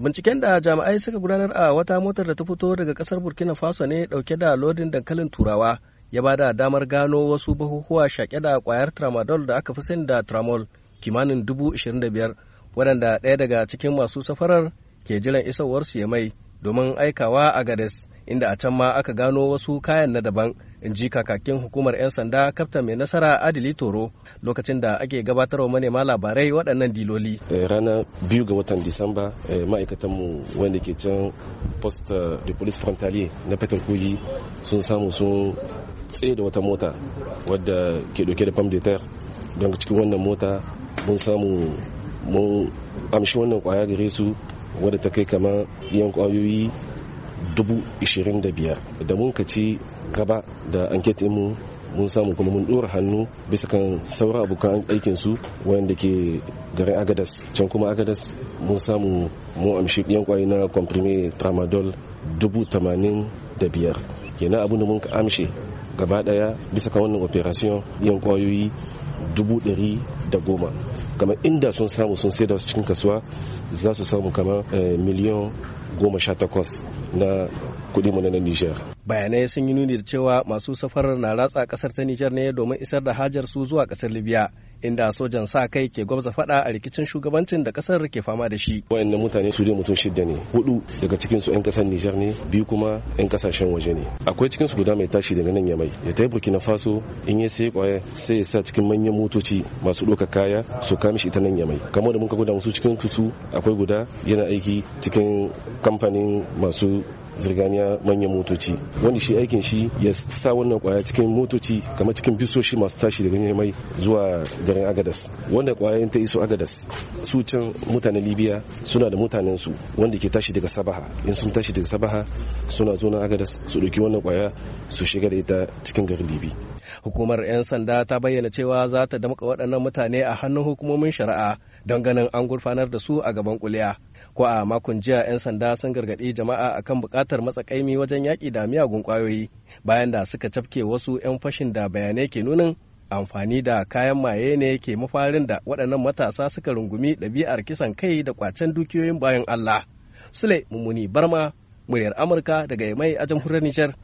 Binciken da jami'ai suka gudanar a wata motar da ta fito daga kasar Burkina Faso ne dauke da lodin dankalin Turawa ya bada damar gano wasu bahuhuwa shaƙe da kwayar tramadol da aka fi sani da tramol kimanin dubu ishirin da biyar waɗanda ɗaya daga cikin masu safarar ke jiran isowarsu ya mai domin aikawa a Gades. inda a can ma aka gano wasu kayan na daban in ji kakakin hukumar 'yan sanda kaftan mai nasara adili toro lokacin da ake gabatarwa manema labarai waɗannan diloli eh, ranar biyu ga watan disamba eh, ma'aikatanmu wanda ke can post eh, de police frontalier na petar kogi sun samu sun tsaye da wata mota wadda ke dauke da pam de terre don cikin wannan mota mun samu mun amshi wannan kwaya gare su wadda ta kai kamar yan kwayoyi dubu da biyar da mun ka ci gaba da anket mu mun samu kuma mun dora hannu bisa kan sauran abokan aikin su wayanda ke garin agadas can kuma agadas mun samu mu amshi yan kwayi na comprime tramadol dubu tamanin da biyar kenan abu da mun amshe gaba daya bisa kan wannan operation yan kwayoyi dubu ɗari da goma kamar inda sun samu sun sai da cikin kasuwa za su samu kamar eh, miliyan goma sha takwas na kuɗi mu na Nijar. Bayanai sun yi nuni da cewa masu safarar na ratsa ƙasar ta Nijar ne domin isar da hajar su zuwa ƙasar Libya. inda sojan sa kai ke gwabza fada a rikicin shugabancin da kasar ke fama da shi. Wayannan mutane su ne mutum shida ne, hudu daga cikin su 'yan kasar Nijar ne, biyu kuma 'yan kasashen waje ne. Akwai cikin su guda mai tashi daga nan Yamai, ya tai Burkina Faso in ya sai kwaya sai ya sa cikin manyan motoci masu doka kaya su kame shi ta nan Yamai. Kamar da mun ka guda musu cikin tutu akwai guda yana aiki cikin kamfanin masu zirganiya manyan motoci wanda shi aikin shi ya sa wannan kwaya cikin motoci kamar cikin bisoshi masu tashi daga mai zuwa garin agadas wanda kwayoyin ta iso agadas su can mutanen libya suna da mutanen su wanda ke tashi daga sabaha in sun tashi daga sabaha suna zo agadas su ɗauki wannan kwaya su shiga da ita cikin garin libi hukumar 'yan sanda ta bayyana cewa za ta damƙa waɗannan mutane a hannun hukumomin shari'a don ganin an gurfanar da su a gaban kuliya ko a makon jiya 'yan sanda sun gargaɗi jama'a akan buƙatar matsakaimi wajen yaƙi da miyagun ƙwayoyi bayan da suka cafke wasu 'yan fashin da bayanai ke nunin amfani da kayan maye ne ke mafarin da waɗannan matasa suka rungumi ɗabi'ar kisan kai da kwacen dukiyoyin bayan Allah. Sule Mummuni Barma, muryar Amurka daga Yamai a jamhuriyar Nijar.